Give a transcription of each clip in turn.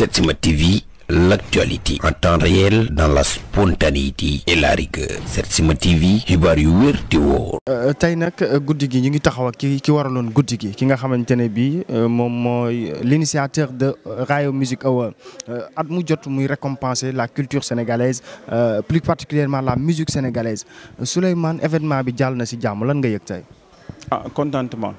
Setsima TV l'actualité en temps réel dans la spontanéité et la rigueur Setsima TV xibaar yu wér te euh, tey nag euh, guddi gi ñu ngi taxaw ak ki ki waraloon guddi gi ki nga xamante ne bii euh, moom mooy l'initiateur de Rayo Music Award at mu jot muy récompenser la culture sénégalaise plus particulièrement la musique sénégalaise Souleymane événement bi jàll na si jàmm lan nga yëg tey. ah contentement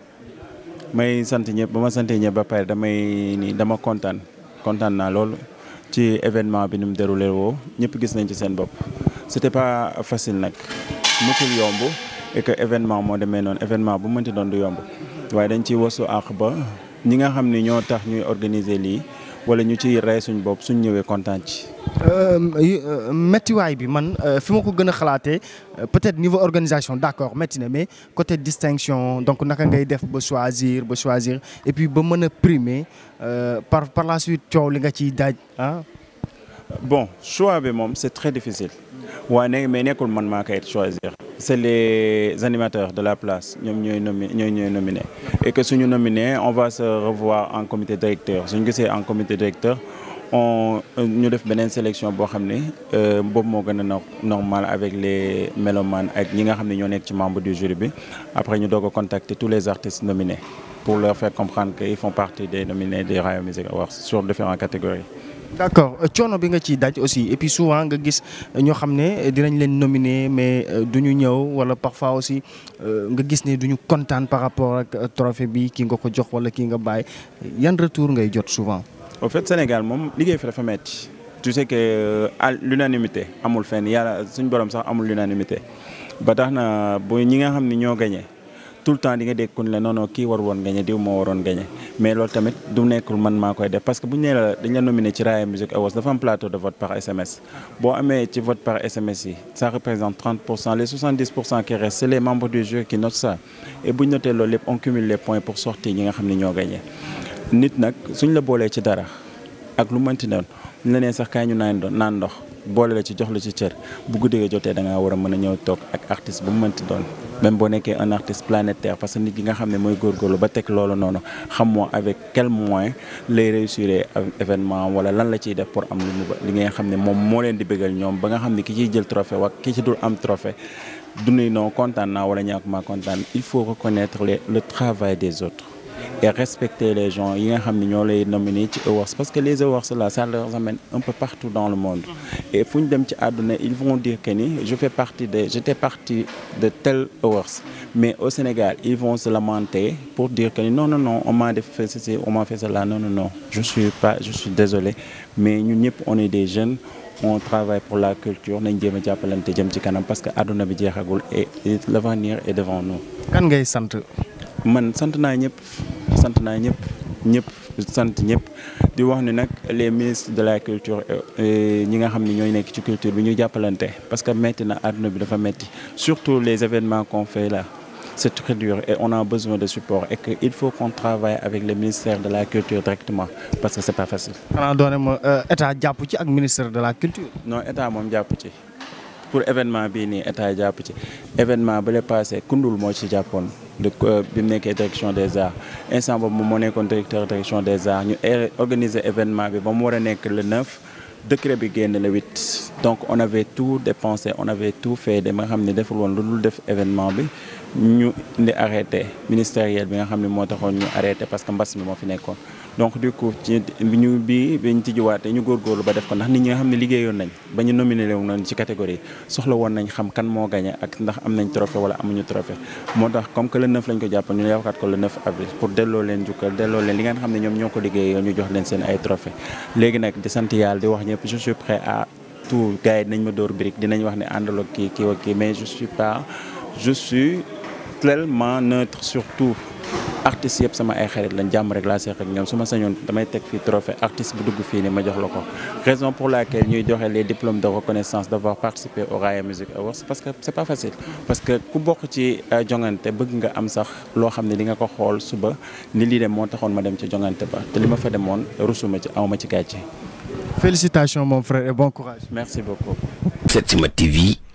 may sant ñëpp ba ma santee ñëpp ba pare damay ni dama kontaan. kontaan naa lool ci événement bi ni mu déroulé woo ñëpp gis nañ ci seen bopp c'était pas facile nag mësul yomb et événement moo demee noonu événement bu mënti doon du yomb waaye dañ ci wasu àq ba ñi nga xam ni ñoo tax ñuy organiser lii wala ñu ci rey suñ bopp suñ ñëwee kontaan ci. Euh, euh, méttiwaay bi man euh, fi ma ko gën a xalaatee peut-être niveau organisation d'accord métti na mais côté distinction donc naka ngay def ba choisir ba choisir et puis ba mën a primer par par la suite coow li nga ciy daaj ah. bon choix bi moom c'est très difficile. waaye mais nekkul man maa koy choisir c'est les animateurs de la place ñoom ñooy nomi ñooy ñooy nominé et que suñu nominé on va se revoir en comité directeur suñu gisee en comité directeur on ñu def beneen sélection boo xam ne euh, boobu moo gën a normal avec les mélomanes ak ñi nga xam ne ñoo nekk ci membre du jury bi après ñu doog a contacter tous les artistes nominés pour leur faire comprendre qu'ils font partie des nominés des Rayon Music Awards sur différentes catégories d'accord euh, coono bi nga ci daaj aussi et souvent nga gis ñoo xam ne dinañ leen nominer mais euh, du ñu ñëw wala parfois aussi euh, nga gis ne du ñu kontaan par rapport ak trophée bi ki nga ko jox wala ki nga bàyyi yan retour ngay jot souvent. au fait Sénégal moom liggéey fi dafa metti tu sais que à l'unanimité amul fenn yàlla suñu borom sax amul l'unanimité ba tax na bu ñi nga xam ni ñoo gagné. tout le temps di nga dégg ku ne la non non kii war woon gagné diw moo waroon gagné mais loolu tamit du nekkul man maa koy def parce que bu nee la dañ la nominé ci Raaya Musique Awards dafa am plateau de vote par SMS boo amee ci vote par SMS yi ça représente 30 du jury qui notent ça et bu ñu notee loolu lépp on cumule les pour sortir ñi nga xam ne ñoo gagné nit nag suñ la boolee ci dara ak lu mënti doon ñu sax kaay ñu naan ndox. boole la ci jox la ci cër bu guddee jotee da ngaa war a mën a ñëw toog ak artiste bu mu mënti doon même boo nekkee un artiste planétaire parce que nit ki nga xam ne mooy góorgóorlu ba teg loolu noonu xam moo avec quel moyen lay réussir événement wala lan la ciy def pour am lu mu li ngay xam ne moom moo leen di bëggal ñoom ba nga xam ne ki ciy jël trophée wax ki ci dul am trophée du nuy non kontaan naa wala ñàkk maa kontaan il faut reconnaître le travail des autres et respecter les gens yi nga xam ne ñoo lay nominé ci awards parce que les awards là ça leur amène un peu partout dans le monde mm-hmm. et fu ñu dem ci àdduna ils vont dire que je fais partie de j'étais partie mais au Sénégal ils vont se lamenter pour dire que no non non non on m'a fait ceci on m'a cela non non non je suis pas je suis désolé mais ñun ñëpp on est des jeunes on travaille pour la culture nañ jéem a jàppalante jëm ci kanam parce que àdduna bi jeexagul et l'avenir est devant sant naa ñëpp ñëpp sant ñëpp di wax ni nag les ministres de la culture euh, ñi nga xam ni ñooy nekk ci culture bi ñu jàppalante parce que metti na adduna bi dafa metti surtout les événements qu'on fait là c'est très et on a besoin de support et que il faut qu'on travaille avec le ministère de la culture directement parce que c'est pas facile. xanaa euh, état jàpp ci ak ministère de la culture. non état moom jàpp ci pour événement bii nii état jàpp ci événement ba le passé kundul moo ci jàppoon. de euh, bi mu nekkee direction des arts instant boobu moom moo nekkoon directeur direction des arts ñu er, organiser événement bi ba mu war a nekk le 9 décret bi génn le 8 donc on avait tout dépensé on avait tout fait dama xam ne deful woon lu dul def événement bi. ñu indi arrêté ministériel bi nga xam ne moo taxoon ñu arrêté parce que mbas mi moo fi nekkoon donc du coup ci ñu bi bañ tijjiwaatee ñu góorgóorlu ba def ko ndax nit ñi nga xam ne liggéeyoon nañ ba ñu nominé wu nañ ci catégorie soxla woon nañ xam kan moo gagné ak ndax am nañ trophée wala amuñu trophée moo tax comme que le 9 lañ ko jàppoon ñu yawakaat ko le 9 avril pour delloo leen jukkal delloo leen li nga xam ne ñoom ñoo ko liggéeyoon ñu jox leen seen ay trophée dinañ wax ne àndaloo kii kii wa kii mais je suis pas je tellement neutre surtout artistes yëpp sama ay xarit lañ jàmm rek laa seq ak ñoom su ma sañoon damay teg fii trophée artiste bu dugg fii nii ma jox la ko raison pour laquelle ñuy joxe les diplômes de reconnaissance d'avoir participé au Raaya Musique Awards parce que c'est pas facile parce que ku bokk ci euh, jongante bëgg nga am sax loo xam ne di nga ko xool suba ni lii dem moo taxoon ma dem ci jongante ba te li ma fa demoon rusuma ci awma ci gàcce. félicitations mon frère et bon courage. merci beaucoup. Setsima TV.